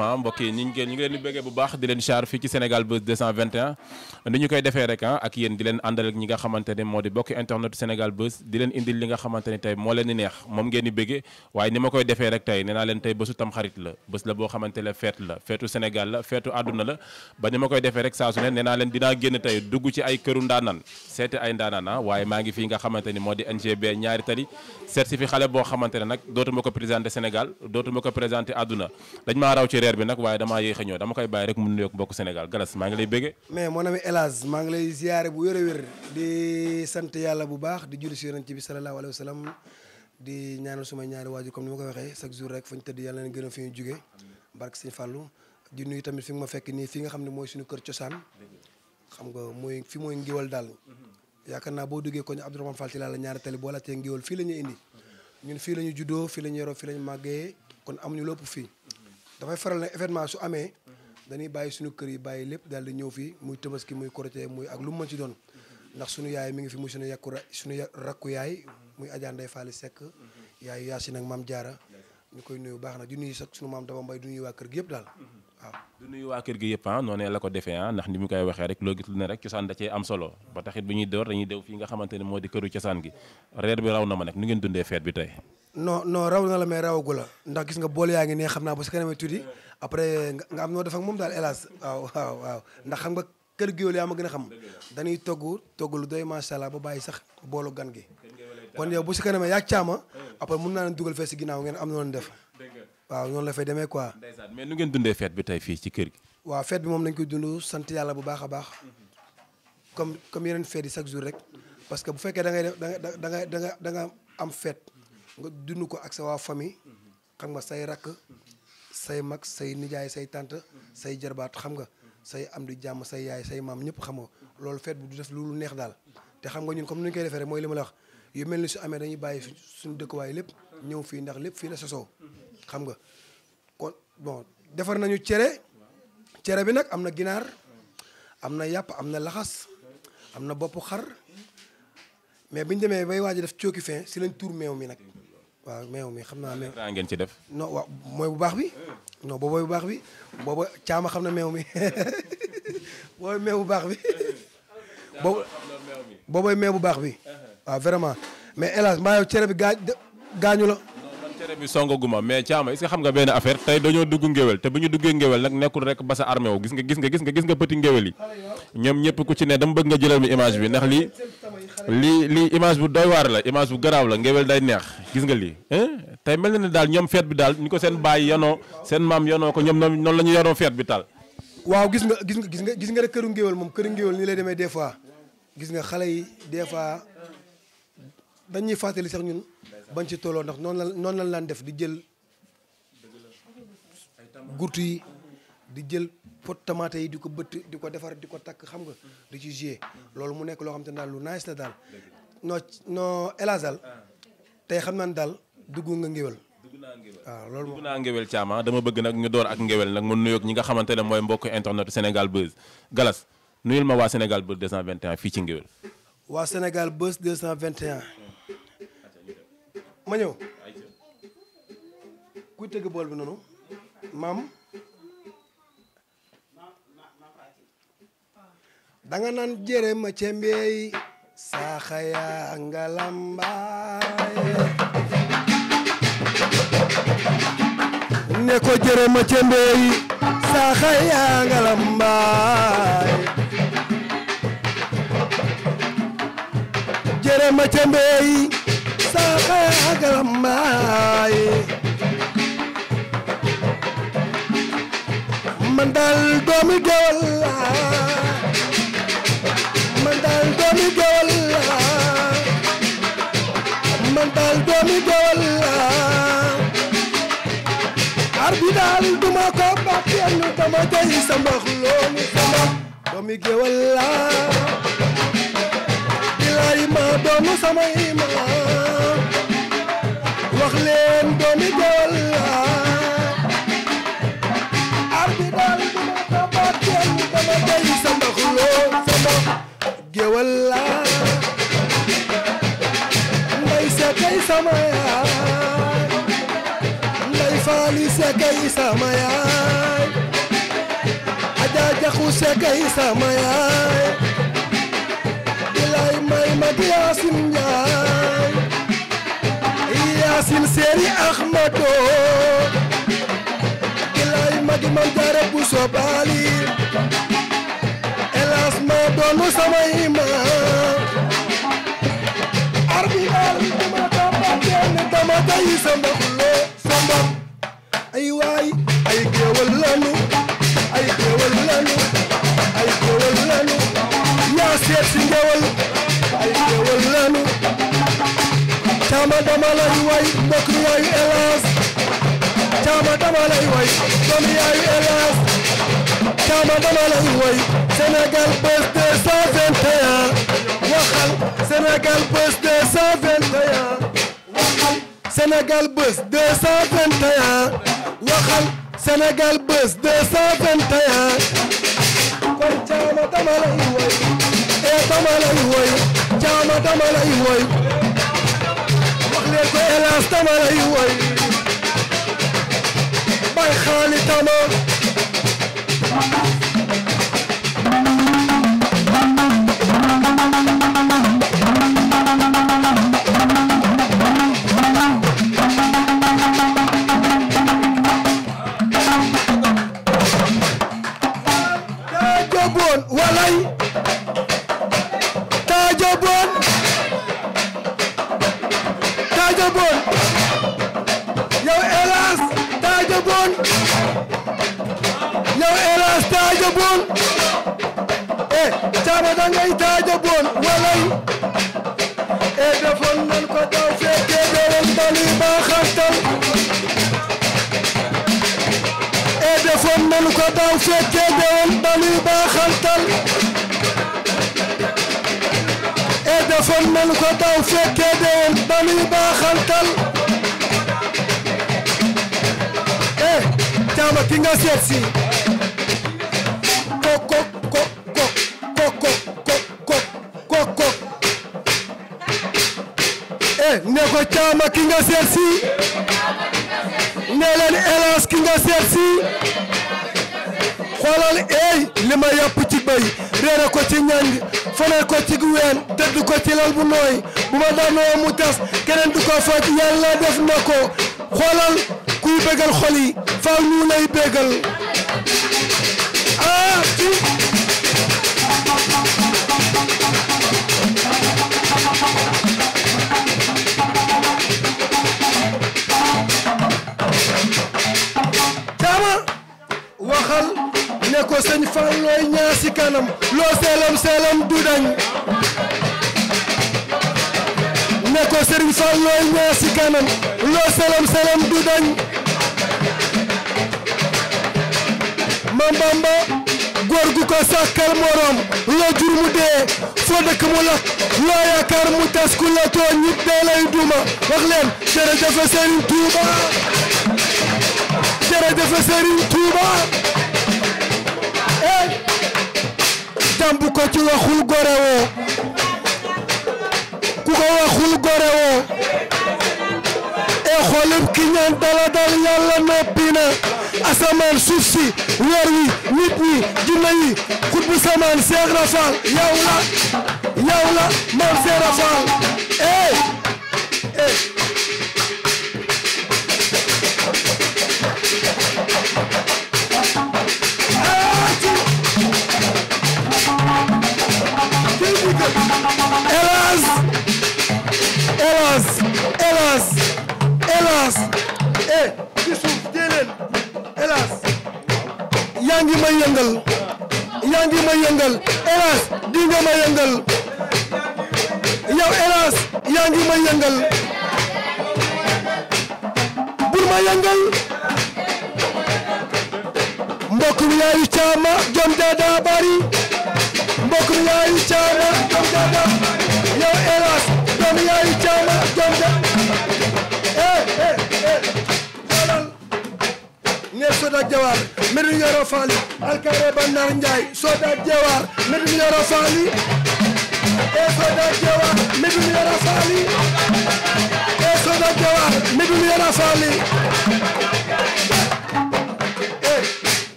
ah mbokk yi ñu ngi ñu ngi leen di bëggee bu baax di leen char fii ci Sénégal Buzz ni ñu koy defee rek ah ak yéen di leen àndal ak ñi nga xamante ne moo di bokk internet Sénégal Buzz di leen indil li nga xamante ne tey moo leen di neex moom ngeen di bëggee waaye ni ma koy defee rek tey nee naa leen tey bésu tamxarit la bés la boo xamante ne feet la feetu Sénégal la feetu àdduna la ba ni ma koy defee rek saa su ne nee naa leen dinaa génn tey dugg ci ay këru ndaanaan seeti ay ndaanaan ah waaye maa ngi fii nga xamante ni moo di NGB ñaari tali certifié xale boo xamante ne nag dootuma ko présenté Sénégal dootuma ko présenté àdduna reer bi nag waaye damaa yéex a ñëw dama koy bàyyi rek mu nuyoog mbokk Sénégal galas maa ngi lay béggee mais mon ami El maa ngi lay ziyaare bu wér a wér di sant yàlla bu baax di julli si ci bi salallaahu alayhi wa sallam di ñaanal sumay ñaari waajur comme ni ma ko waxee chaque jour rek fu ñu tëdd yàlla leen gën a fi ñu jugee barke di nuyu tamit fi nga ma fekk nii fi nga xam ne mooy suñu kër cosaan xam nga mooy fi mooy ngiwal daal yaakaar naa boo duggee ko ñu Abdourahmane Fall ci laa la ñaari tali boo laajtee ngiwal fii la ñuy indi ñun fii la ñu juddoo fii la ñu yoroo fii la màggee kon amuñu lépp fii dafay faral ne événement su amee dañuy bàyyi suñu kër yi bàyyi lépp daal di ñëw fii muy tabaski muy korité muy ak lu mu mën ci doon ndax suñu yaay mi ngi fi muy suñu yàkku suñu rakku yaay muy Adja Ndeye Faly Seck yaayu Yacine ak maam jaara ñu koy nuyu baax na di nuyu sax suñu maam Daba Mbaye du yu waa kër gi yëpp daal waaw du nuyu waa kër gi yëpp ah noonu la ko defee ah ndax ni mu koy waxee rek loo gis lu ne rek cosaan da cee am solo ba taxit bu ñuy door dañuy dew fii nga xamante ne moo di këru cosaan gi reer bi raw na ma nag nu ngeen dundee feet bi tey non non raw na la mais rawagula ndax gis nga bool yaa ngi ne xam naa ba si kanamee tuuti après nga am noo def ak moom daal hélas waaw waaw waaw ndax xam nga kër gi géwél yaa ma gën a xam dañuy togg togg lu macha allah ba bàyyi sax boolu gan gi kon yow bu si kanamee yaa caama hmm. mun naa leen dugal fee si ginnaaw ngeen am noonu def waaw noonu la fay demee quoi. ndeysaan mais nu ngeen dundee fête bi tey fii ci kër gi. waaw fête bi moom lañ koy dund sant yàlla bu baax a baax hmm. comme comme yeneen fête yi chaque jour rek parce que bu fekkee da ngay danga nga da nga da nga am fête nga dund ko ak sa waa famille mhm. xam nga say rakk mhm. say mag say nijaay say tante mhm. say jarbaat xam nga say am di jàmm say yaay say maam ñëpp xam nga loolu feet bu du def lu neex daal te xam nga ñun comme ni ñu koy defee mooy li ma la wax yu mel ni su amee dañuy bàyyi suñu dëkkuwaay lépp ñëw fii ndax lépp fii la sosoo xam nga kon bon defar nañu cere cere bi nag am na ginaar am na yàpp am na laxas am na bopp xar mais ñu demee bay waaj def cooki fin si lañ tuur meew mi nag waaw meew mi xam naa meew ngeen ci def non waaw mooy bu baax bi non boobooy bu baax bi booba caama xam na meew mi booboy meew bu baax bi boobu booboy meew bu baax bi uh-huh. waaw vraiment mais hélas mbaa cere bi gaañ gaañu la cere bi te la image bu garaaw la ngéwél day neex gis nga lii mel na ne daal ñoom feet bi daal ñu ko seen bàyyi yanoo seen maam yanoo ko ñoom noonu la ñu yanoo feet bi taal waaw gis nga gis nga gis nga gis nga këru ngéwél moom këru ngéwél nii lay demee des gis nga xale yi des dañuy fàttali sax ñun bañ ci tolloo ndax noonu la noonu lañ laan def di jël gurtu yi di jël pot tamaate yi di ko bëtt di ko defar di ko takk xam nga di ci jouer loolu mu nekk loo xam te ne daal lu nice la daal noo noo elazal tey xam naa ne daal dugg nga ngéwél waaw loolu moom dugg naa ngéwél caama dama bëgg nag ñu door ak ngéwél nag mu nuyoog ñi nga xamante ne mooy mbokk internet Sénégal Buzz Galas nuyul ma waa Sénégal Buzz 221 fii ci ngéwél waa Sénégal Buzz ma ñëw kuy tëgg bi noonu maam danga naan jëre ma cembeey saaxaya nga lambaay ne ko jëre ma cembeey saaxaya nga lambaay jëre ma cembeey saaxee ak rambaay man daal doomi géwël laa man daal doomi géwël laa man daal doomi géwël laa ar bi daal duma ko bàkk yenn dama jëy sa mbox loolu sama doomi géwël laa yaay ma doonu samay maam wax leen doomi Jool la ar bi daal du ma tabaat kenn dama day sa ndox loo sama géwal la nday sekay sama yaay nday faali sekay sama yaay ajaajaxu sekay sama yaay Ahmadu ilay magi mam jaare bu so baali elas ma doonu sama imaam arbi baali dama tamba kenn dama tay samba xulle samba ay waay ay géwal lanu ay géwal lanu ay géwal lanu yaa seet si caama dama lay way mbokk yaayu Elhadj caama dama lay way doom yaayu Elhadj caama dama lay way Sénégal bés 221 waxal Sénégal bés 221 waxal Sénégal bés 221 waxal Sénégal bés 221 kon caama dama lay way e dama lay way caama dama lay way hélas dama lay woy e bay xaali tama Thank you. ñoo seet si kok kok kok kok kok kok kok eh ne ko caama ki nga seet si ne leen élance ki nga seet si xoolal ey li ma yàpp ci béy réere ko ci ñàng fanal ko ci ween tëdd ko ci lal bu nooy bu ma daanoo mu tas keneen du ko faj yàlla def na ko xoolal kuy bégal xol yi faaw ñu lay bégal ah caama waxal ne ko sëñ Fall looy ñaasi kanam loo seelam seelam du dañ ne ko sëriñ Fall looy ñaasi kanam loo seelam seelam du dañ Bamba Bamba góor gu ko sàkkal morom loo jur mu dee foo dëkk mu lakk loo yaakaar mu tas ku la tooñ nit dee lay duma wax leen jërëjëf Serigne Touba jërëjëf Serigne Touba eh jàmbu ko ci waxul gore woo ku ko waxul gore woo mboolem ki ñaan dala dal yàlla noppi na asamaan suuf si weer wi nit ñi samaan Seex Rafaal yow la yow la maam Seex Rafaal yaa ngi may yëngal yaa ngi may yëngal hélas di nga ma yëngal yow hélas yaa ngi may yëngal bul ma yëngal mbokk wi yaayu caama jom daa daa bari miɗum yoro faali alkare banna ndiaye soda dewar miɗum yoro faali e eh, soda dewar miɗum yoro faali e eh, soda dewar miɗum yoro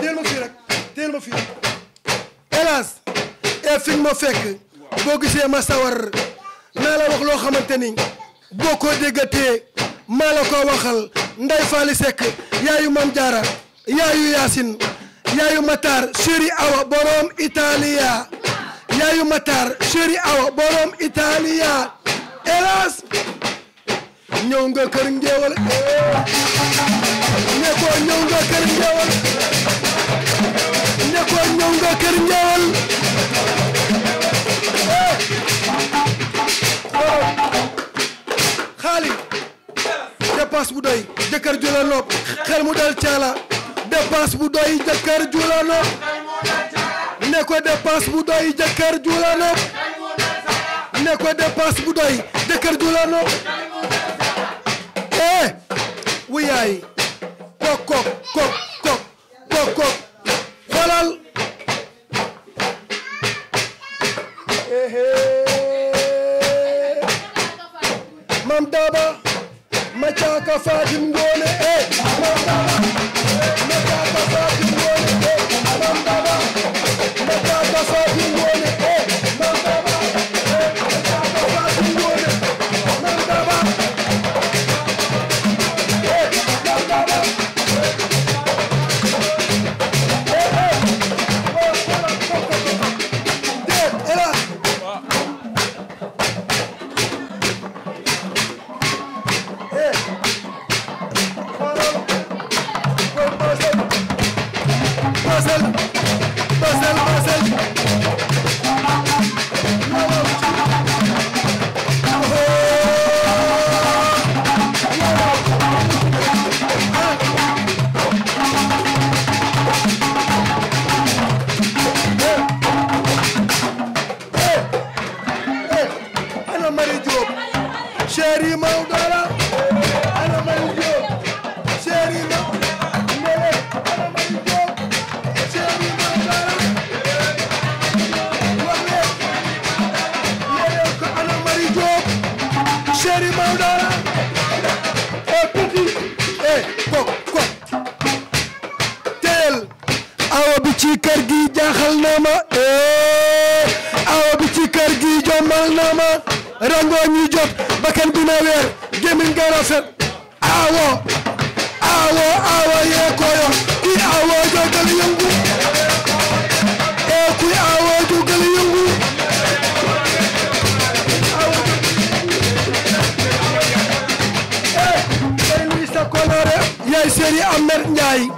teel eh. ma fii teel ma fii rek hélas e ma fekk boo gisee ma sawar naa la wax loo xamante ni boo ko déggatee maa la ko waxal Ndeye Faly Seck yaayu Mame Diarra yaayu Yacine yaayu Matar chéri Awa borom Italia yaayu Matar chéri Awa borom Italia hélas ñëw nga kër ngeewal ne ko ñëw nga kër ngeewal la nopp xel mu dal caala dépense bu doy jëkkër ju la nopp ne bu doy jëkkër ju la nopp ne bu doy jëkkër ju la nopp eh wuyaay kok kok kok kok kok kok Ahmed Ndiaye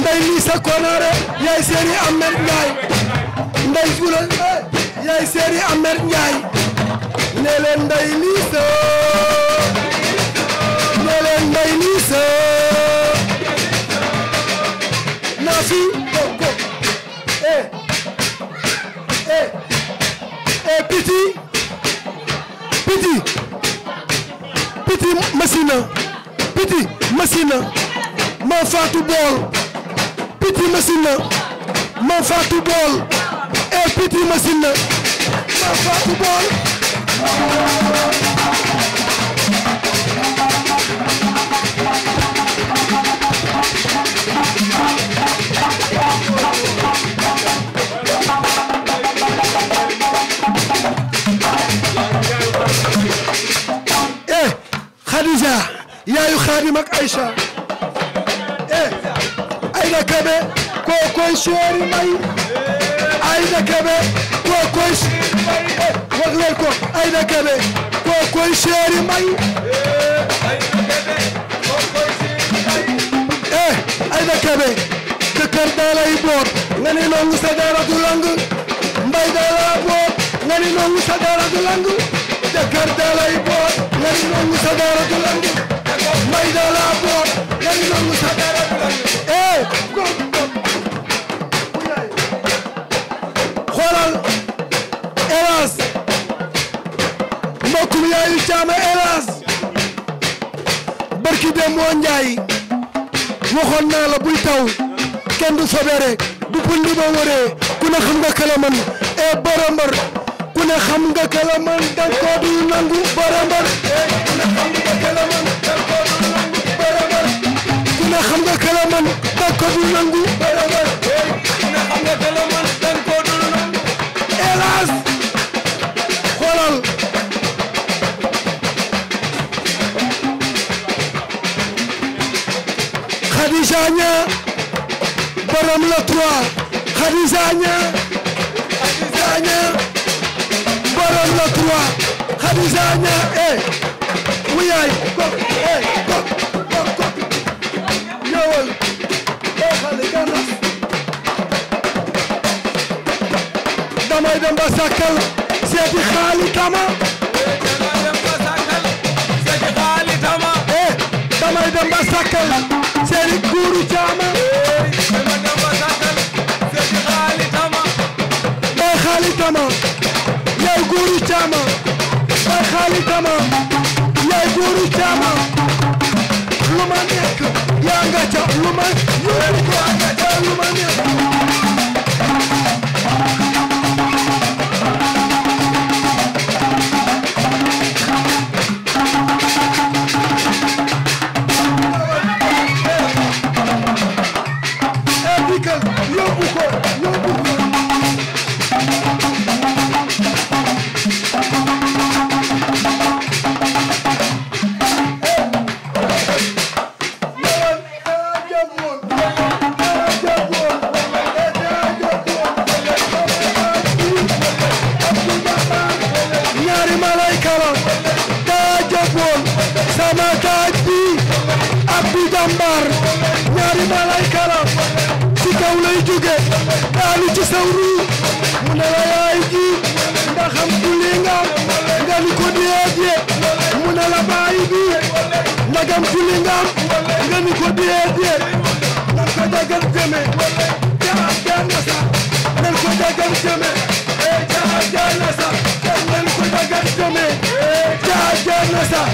nday Lissa Konaré yaay seeni Ahmed Ndiaye nday Jula yaay seeni Ahmed Ndiaye nee nday Lissa nee leen nday Lissa naa oh, oh. eh, eh, eh, piti piti piti masina piti masina Mame Fatou Bol Petit Machine la Mame Fatou Bol et eh, Petit Machine la Mame Fatou Bol. Eh, Khadija yaayu Xaadim ak Aïcha Ayda Kebe kokoy Sori May Ayda Kebe kokoy eh, wax leen ko Ayda Kebe kokoy Sori May eh Ayda Kebe jëkkër daa lay boot nga ni noonu sa dara du lang mbay daa laa boot nga ni noonu sa dara du lang jëkkër daa lay boot nga ni noonu sa dara du lang mbay daa laa boot nga ni noonu sa dara du lang xoolal hélas mbokkum yaayu caama hélas barki dem moo njaay naa la buy taw kenn du sobere du pël li wëree ku ne xam nga kala man eh, bërëmbër ku ne xam nga kala man danga ko du nangu bërëmbër Saña Saña borom la trois Khady Saña eh wuyaay kok eh kok kok kok ñëwal eh xale gana damay dem ba sàkkal seeti xaali tama damay dem ba sàkkal seeti xaali tama eh damay dem ba sàkkal seeti guuru caama bay xaali tama yaay góoru caama bay xaali tama yaay góoru caama lu ma nekk yaa nga ca lu ma yóoru yaa nga ca lu ma nekk biir nan ko jagal jëme jaxaat jaan na sax nan ko jagal jëme jaxaat jaan na sax nan ko jagal jëme jaxaat jaan na sax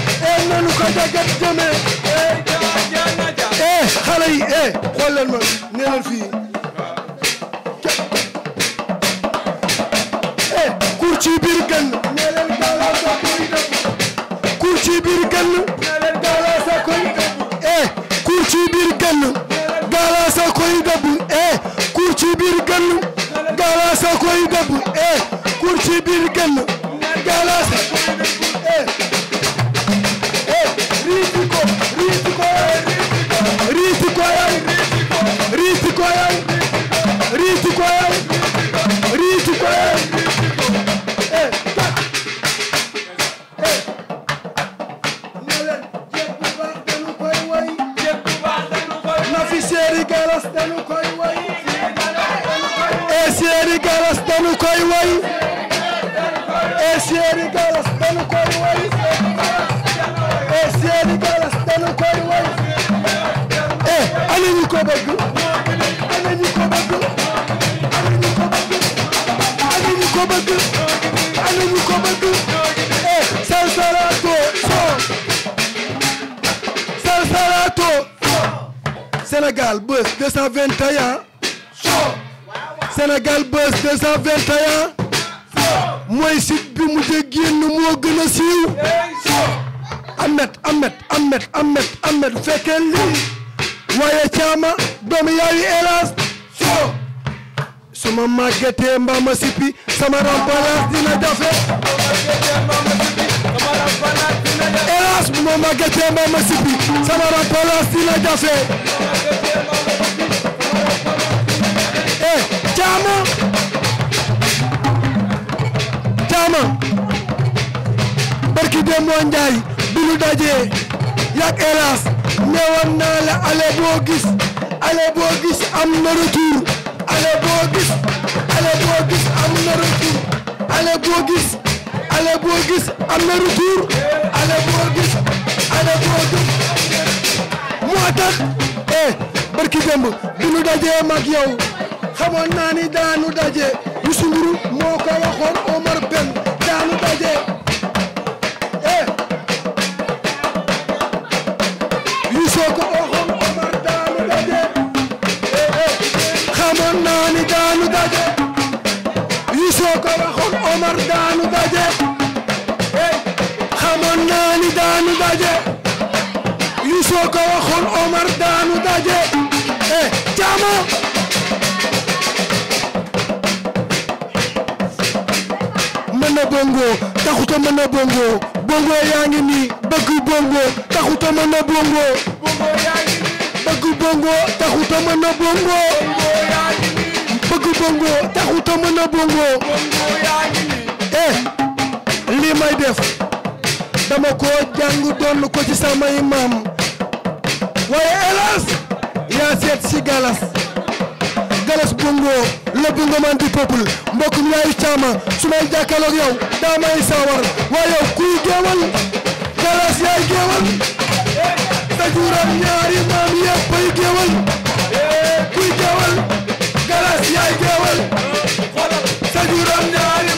nan ko jagal jëme jaxaat jaan na sax eh xale yi eh xool leen ma nee leen fii eh kur ci biir kenn nee leen gàllankoor kur ci biir kenn ci biir gën gaalaasa koy dëbb eh kur ci biir gën gaalaasa koy dëbb eh kur ci biir gën gaalaasa koy dëbb eh eh riiti ko riiti ko riiti ko riiti Séeri Galas danu koy way e Séeri Galas danu koy way e Séeri Galas danu koy way e ana ñu ko bëgg ana ñu ko bëgg ana ñu ko bëgg ana ñu ko bëgg ana ñu ko bëgg e Salsalato Salsalato Sénégal Buzz 221 Sénégal Buzz 221 mooy site bi mujj a moo gën siiw Ahmed Ahmed Ahmed Ahmed Ahmed fekkee lii waaye caama doomu yaayu hélas suma màggetee mbaama sippi sama rampalaas dina jafe hélas bu ma màggetee mbaama sippi sama rampalaas dina jafe Thiama Thiama barki Demba bi ñu dajee yàgg hélas newoon naa la ale boo gis ale boo gis am na retour ale boo gis ale boo gis am na retour ale boo gis ale boo gis am eh, bi ñu dajee mag yow. xamoon naa ni daanu daje Youssou Ndour moo ko waxoon Omar Ben daanu daje eh Youssou ko waxoon Omar daanu daje eh eh xamoon naa ni daanu daje Youssou ko waxoon Omar daanu daje eh xamoon naa ni daanu daje Youssou ko waxoon Omar daanu daje eh jaamo mën a bongo taxuta mën a bongo bongo yaa ngi nii bëgg bongo taxuta mën a bongo bongo yaa ngi nii bëgg bongo taxuta mën a bongo bongo yaa ngi nii bëgg bongo taxuta mën a bongo bongo yaa ngi nii eh lii may def dama ko jàng doon ko ci samay maam waaye hélas yaa seet si galas galas bongo le bungement du peuple mbokk mi caama su may jàkkaarloog yow daa may sawar waaye yow kuy géewal galas yaay géewal sa juuram ñaari maam yëpp ay géewal kuy géewal galas yaay géewal sa juuram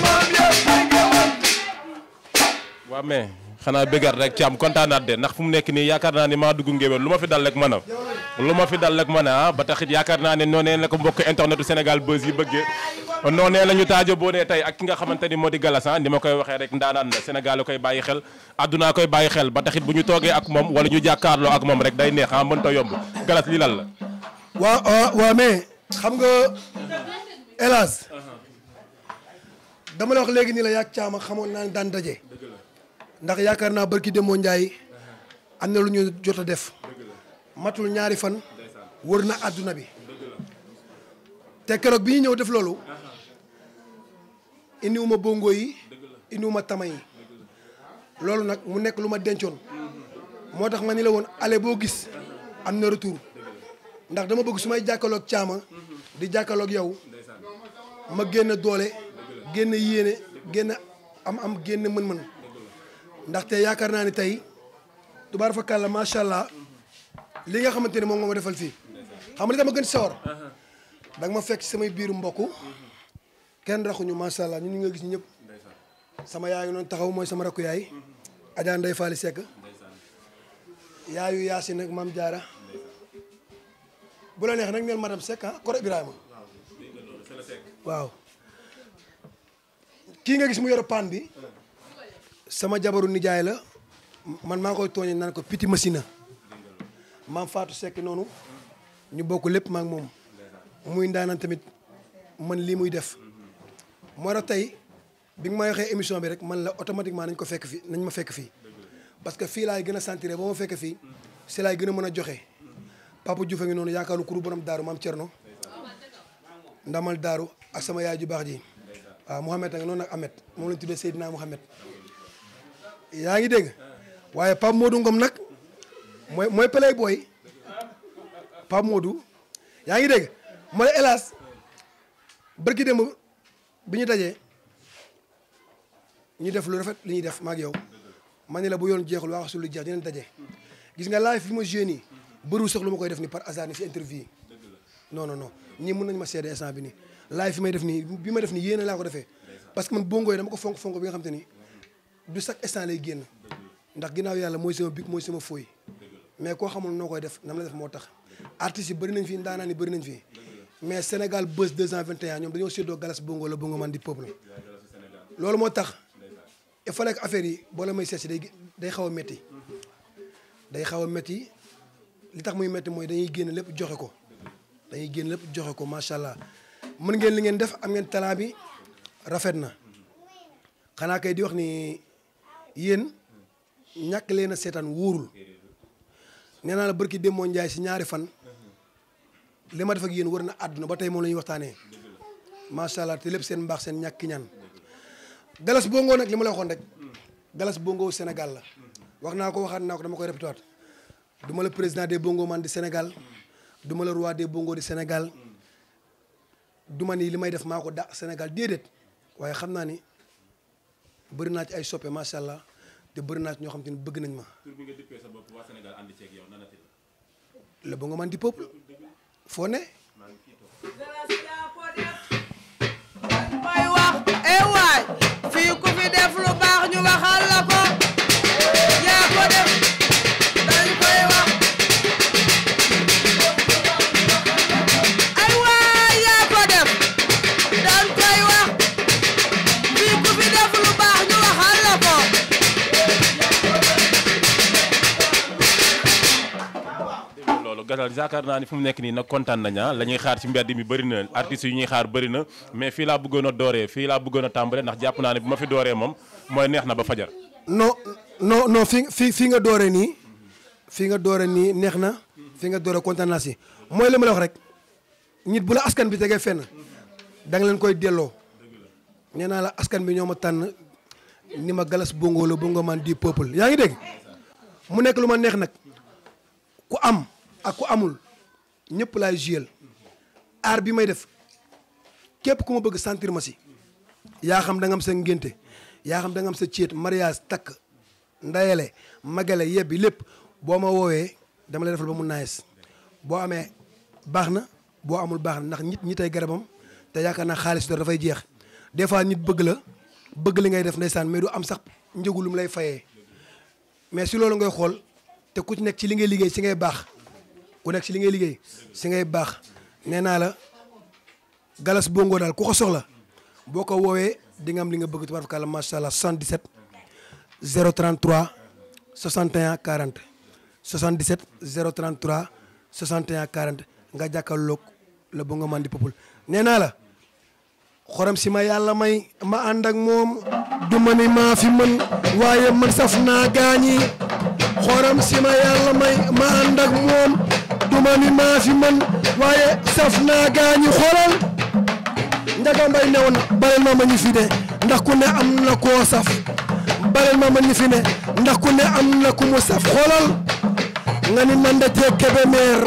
maam yëpp ay géewal waa xanaa bëggat rek caam kontaanaat ndax fu mu nekk nii yaakaar naa ne maa dugg ngéwél lu ma fi dal rek mën a lu ma fi dal rek mën a ba taxit yaakaar naa ne noonee na ko mbokk internetu Sénégal Buzz yi bëggee noonee la ñu taajo boo nee ak ki nga xamante ni moo di Gallasan ah, ni ma koy waxee rek ndaanaan la Sénégal koy bàyyi xel àdduna koy bàyyi xel ba taxit bu ñu toogee ak moom wala ñu jàkkaarloo ak moom rek day neex ah mënta yomb Gallas lii lan la waaw waaw mais xam nga hélas dama la wax léegi nii la yàgg caama xamoon daan daje ndax yaakaar naa dem moo Ndiaye am na lu ñu jot a def matul ñaari fan wër na àdduna bi te keroog bi ñu ñëw def loolu indiwuma bongo yi indiwuma tama yi loolu nag mu nekk lu ma dencoon moo tax ma ni la woon ale boo gis am na retour ndax dama bëgg su may jàkkaloog caama di jàkkaloog yow ma génn doole génn yéene génn am am génn mën-mën ndaxte yaakaar naa ne tey tubaar fa kàlla macha allah li nga xamante ni moom nga ma defal fii xam nga dama gën sawar da ma fekk samay biiru mbokk kenn raxuñu macha allah ñun ñu nga gis ñëpp sama yaayu noonu taxaw mooy sama rakku yaay Adja Ndeye Faly Seck yaayu Yacine ak maam Diarra bu la neex nag neen madame Seck ah Koro Ibrahima waaw kii nga gis mu yor paan bi ah. sama jabaru nijaay la man maa koy tooñee naan ko piti masina maam faatu sekk noonu ñu bokk lépp maak moom muy ndaanan tamit man lii muy def moo tax tey bi nga ma waxee émission bi rek man la automatiquement nañ ko fekk fi nañ ma fekk fii parce que fii laay gën a sentir ba ma fekk fii si laay gën a mën a joxe Papa Diouf a ngi noonu yaakaaru kuru borom daaru maam Thierno ndamal daaru ak sama yaay ju baax ji waaw Mouhamed a ngi noonu ak Ahmed moom lañ tuddee Seydina Mouhamed yaa ngi dégg waaye Pape Modou Ngom nag mooy mooy playboy Pape Modou yaa ngi dégg mooy hélas bërki démb bi ñu dajee ñu def lu rafet lu ñu def maag yow ma ne la bu yoon jeexul wax su lu jeex dinañ daje gis nga live fi ma joué nii bëriwul sax lu ma koy def ni par hasard ni si interview yi non non non ñii mën nañu ma seede instant bi nii live fi may def nii bi ma def nii yéen laa ko defe parce que man bongo yi dama ko fonk fonk bi nga xam ni du chaque instant lay génn ndax ginnaaw yàlla mooy sama big mooy ma fooy mais koo xamul noo koy def nam la def moo tax artistes yi nañ fi ndaanaan yi bëri nañ fi mais Sénégal Buzz 221 ñoom dañoo séddoo Galas Bongo la Bongo man di peuple loolu moo tax il fallait que yi boo la may seet si day day xaw a métti day xaw a métti li tax muy métti mooy dañuy génn lépp joxe ko dañuy génn lépp joxe ko macha allah mën ngeen li ngeen def am ngeen talent bi rafet na xanaa kay di wax ni yéen ñàkk leen a seetaan wóorul nee naa la barki Demba Ndiaye si ñaari fan li ma def ak yéen war na àdduna ba tey moom lañuy waxtaanee macha allah te lépp seen mbaax seen ñàkk ñaan. Galas Bongo nag li ma la waxoon rek Galas Bongo Sénégal la wax naa ko waxaat naa ko dama koy répété waat du ma la président des bongo man di Sénégal du ma la roi des bongo di Sénégal du ma ni li may def maa ko dàq Sénégal déedéet waaye xam naa ni. bëri naa ci ay soppe macha allah te bëri naa ñoo xam te ne bëgg nañ ma. tur bi nga man di peuple foo may wax eh fii ku fi def lu baax ñu waxal la ko yaa def. dalal yaakaar naa ni fu mu nekk nii nag kontaan nañ ah xaar ci mbedd mi bëri na artistes yu ñuy xaar bëri na mais fii laa bëggoon a dooree fii laa bëggoon a tàmbale ndax jàpp naa ne bu ma fi dooree moom mooy neex na ba fajar non non non fi fi fii nga doore nii fii nga doore nii neex na fi nga doore kontaan naa si mooy li ma la wax rek nit bu la askan bi tegee fenn da leen koy delloo nee naa la askan bi ñoo ma tànn ni ma galas bongo la bongo man di peuple yaa ngi dégg nekk lu ma neex nag ak ku amul ñëpp laay jiyal aar bi may def képp ku bëgg sentir ma si yaa xam da am sa ngénte yaa xam danga am sa céet mariage takk ndayale magale yebbi lépp boo ma woowee dama lay defal ba mu naages boo amee baax na boo amul baax ndax nit ñi tey garabam te yaakaar naa xaalis dafay jeex des fois nit bëgg la bëgg li ngay def ndeysaan mais du am sax njëgu lu lay fayee mais si loolu ngay xool te ku ci nekk ci li ngay liggéey ci ngay baax ku nekk si li ngay liggéey si ngay baax nee naa la galas bongo daal ku ko soxla boo ko woowee di nga am li nga bëgg tubaarkalla macha allah 77 033 61 40 77 033 61 40 nga jàkkaarloog le bongo man di popul nee naa la xorom si ma yàlla may ma ànd moom du ma ni maa fi mën waaye man saf naa gaañi xorom si ma yàlla may ma ànd moom duma ni maa fi man waaye saf naa gaañu xoolal Ndiaga Mbaye ne ma ma ñu ne ndax ku ne am na koo saf balel ma ma ñu ne ndax ku ne am na ku mu saf xoolal nga ni man da jee Kébémer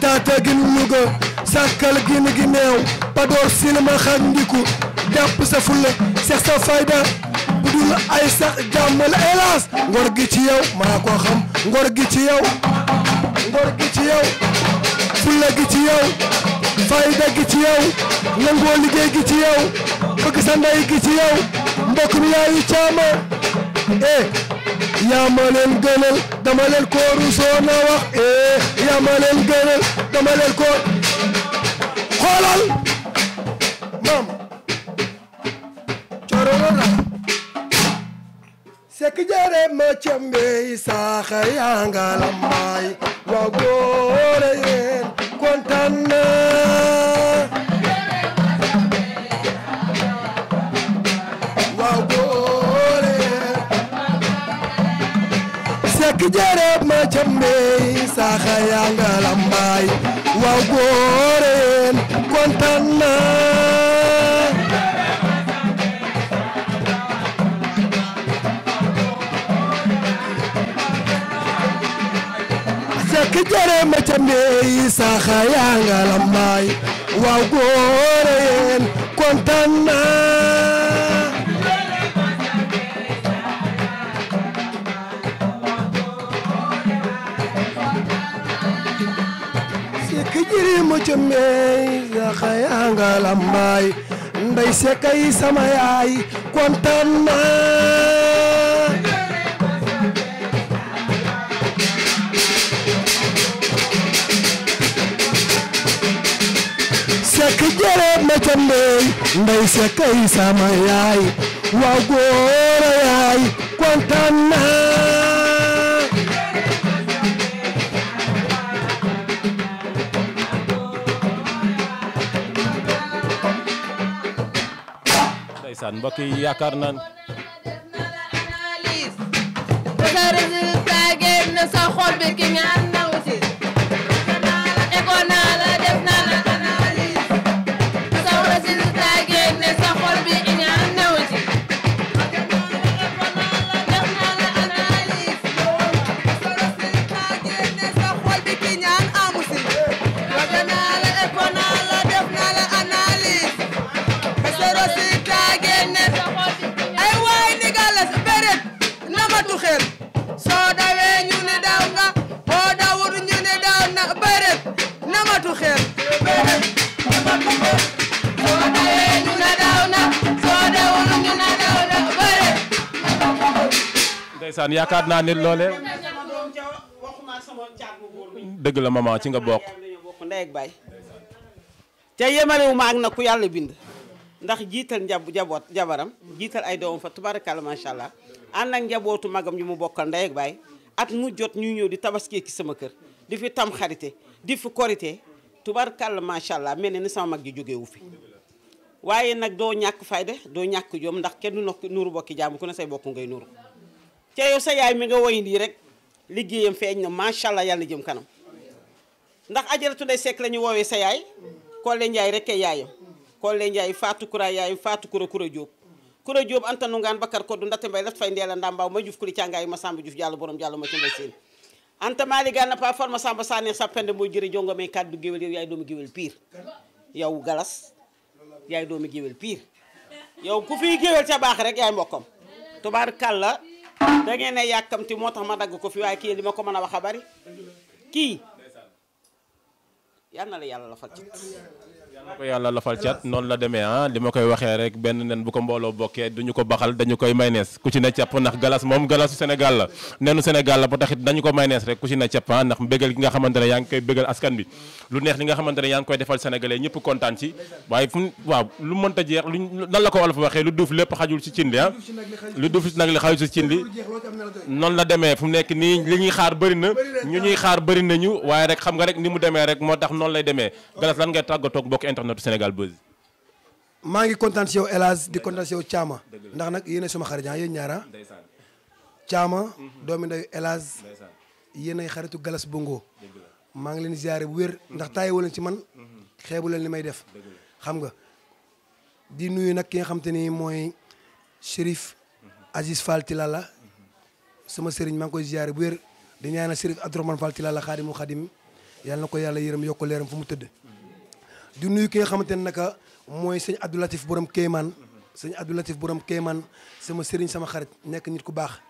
taata gin Louga gi neew padoor silma xak jàpp sa fulla seex sa fayda budul ay sax jàmmal hélas ngor gi ci yow xam ngor gi ngor gi ci yow fulla gi ci yow fayda gi ci yow nangoo liggéey gi ci yow bëgg sa ndey gi ci yow mbokk mi yaayu caama eh yaa ma leen gënal dama leen ko rusoo na wax eh yaa ma leen gënal dama leen ko xoolal maam cooroon la sek jere ma cembe saaxa yaa nga lambaay waa góore yéen kontaan naa waa góore yéen sek jere ma cembe saaxa yaa nga lambaay waa góore yéen kontaan naa ki ma ca mbey saxa yaa nga lambaay waaw góor yéen kontaan naa si ma ca mbey saxa yaa nga lambaay ndey sekay sama yaay kontaan ca ndey ndey sekay sama yaay waaw góora yaay kontaan naa ndeysaan mbokk yi yaakaar naan sa résultat génn sa xol bi ki nga am ndeysaan yaakaar naa ne loolee. dëgg la maman ci nga bokk. ndey ak baay te yemalewu ma ak nag ku yàlla bind. ndax jiital njab jaboot jabaram jiital ay doomam fa kàll macha allah ànd ak njabootu magam ñu mu bokkal ndey ak baay at mu jot ñuy ñëw di tabaskee ci sama kër di fi tam di fi korité tubarakalla macha allah mel ne ni sama mag ji jógewu fi. waaye nag doo ñàkk fayda doo ñàkk jom ndax kenn du nuru bokki jàmm ku ne say bokk ngay nuru te yow sa yaay mi nga woy lii rek liggéeyam feeñ na macha allah yàlla jëm kanam ndax ajaratu day sekk la ñu woowee sa yaay Kole jaay rek kay yaayam Kole Ndiaye Fatou Koura yaayam Fatou Koura Koura Diop. Koura Diop Anta Nungaan Bakar Koddu Ndate Mbay Lat Fay Ndeela Ndambaaw ma juuf kuli càngaay ma Samba Juuf Jàllo borom Jàllo ma ci mbay seen Anta Maali Gànna Pa Farma Samba Saane sa pende mooy jëri jongomee kàddu géwél yow yaay doomu géwél piir yow galas yaay doomu géwél piir yow ku fiy géwél ca rek yaay mbokkam da ngeen a yàkkamti moo tax ma dagg ko fi waaye kii li ma ko mën a wax a bari kii yal na la yàlla la fal cat ko yàlla lafal cat noonu la demee ah li ma koy waxee rek benn nen bu ba taxit dañu ko maynees rek ku ci ne càpp ah ndax bégal gi nga xamante ne lu neex li nga xamante yaa ngi koy defal sénégalais ñëpp kontaan ci waaye fu waaw lu mënta jeex lu nan la ko wolof waxee lu duuf lépp xajul ci cin li ah. lu duuf nag li xajul ci cin li noonu la demee fu nekk nii li ñuy xaar bëri ñu ñuy xaar bëri waaye rek xam nga rek ni mu demee rek moo tax noonu lay demee galas lan ngay tàggatoo bokk internet Sénégal Buzz. maa ngi kontaan si yow El di kontaan si yow Thiama ndax nag yéen suma xarit ah yéen ñaara ah. Thiama mhm. doomi ndeyu El Hadj yéen ay xaritu Galas Bongo maa ngi leen ziare bu wér ndax taayewu leen ci man mhm. xeebu leen li may def xam nga di nuyu nag ki nga xam te ni mooy Chérif mhm. Aziz Fall Tilala sama maa ngi koy ziare bu wér di ñaanal Chérif Abdourahmane Fall Tilala xaadimu xaadim yàlla na ko yàlla yërëm yokk leeram fu mu tëdd. di nuyu ki nga xamante nag naka mooy sëñ Abdou Latif borom Kéemaan sëñ Abdou Latif borom Kéemaan sama sëriñ sama xarit nekk nit ku baax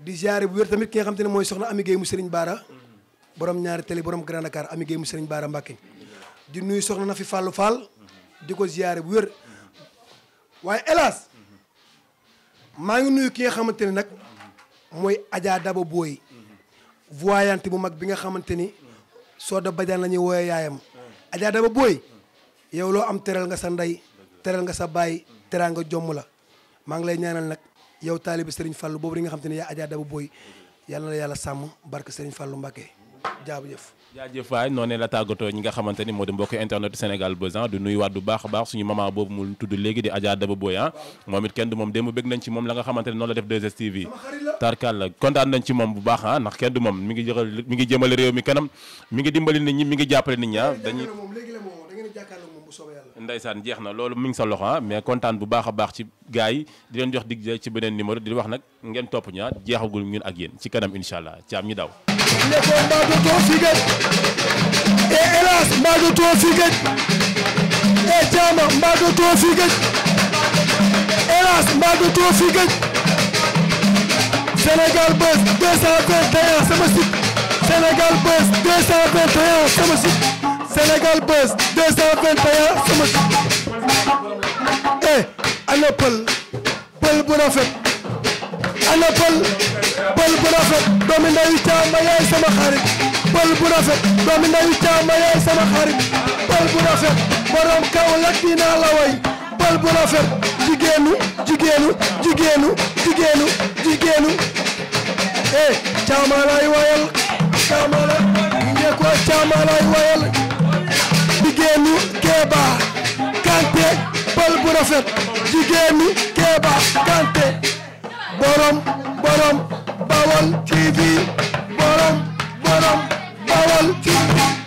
di ziare bu wér tamit ki nga xamante ne mooy soxna Ami Gueye mu sëriñ Baara borom ñaari télé borom Grand Dakar Ami Gueye mu sëriñ Baara Mbacke di nuyu soxna Nafi Fallou Fall di ko ziare bu wér waaye hélas maa ngi nuyu ki nga xamante ne nag mooy Adja Daba Boy voyante bu mag bi nga xamante ni soo da bajaan la ñuy wooye yaayam Adja Daba booy yow loo am teral nga sa ndey teral nga sa baay teraa nga jomm la maa ngi lay ñaanal nag yow taalibi Serigne Fallou boobu li nga xam te ne yaa Adja Daba Boye yàlla na la yàlla sàmm bark Serigne Fallou mbake jaabu jëf jaajëf waay noonu la tàggatoo ñi nga xamante ni moo di mbokk internet Sénégal Buzz ah, du nuyu waat bu baax a baax suñu maman boobu mu tudd léegi di Adja Daba Boye ah. moom it kenn du moom démb bëgg nañ ci moom la nga xamante ne la def 2STV la kontaan nañ ci moom bu baax ah ndax kenn du moom mi ngi jëxal mi ngi jëmale réew mi kanam mi ngi dimbali nit ñi mi ngi jàppale nit ñi ah. Ndeysaan jeex na loolu mi ngi sa loxo ah mais kontaan bu baax baax ci gars yi di leen jox dig ci beneen numéro di wax nag ngeen topp ñu jeexagul ñun ak yéen ci kanam incha allah ci am ñu daw. ne ko Mbadou Tour fii gëj et hélas Mbadou Tour fii gëj et Diama Mbadou Tour fii gëj hélas Mbadou Tour fii gëj Sénégal Buzz 221 sama site sama site. Sénégal Buzz 221 sama eh ana pël pël bu rafet ana pël pël bu rafet doomi ndeyu caama yaay sama xarit pël bu rafet doomi ndeyu caama yaay sama xarit pël bu rafet borom kaw la la way pël bu rafet jigéenu jigéenu jigéenu jigéenu jigéenu eh caama laay wayal jigéenu Kéba Kanté pël bu rafet jigéenu Kanté borom borom Bawol TV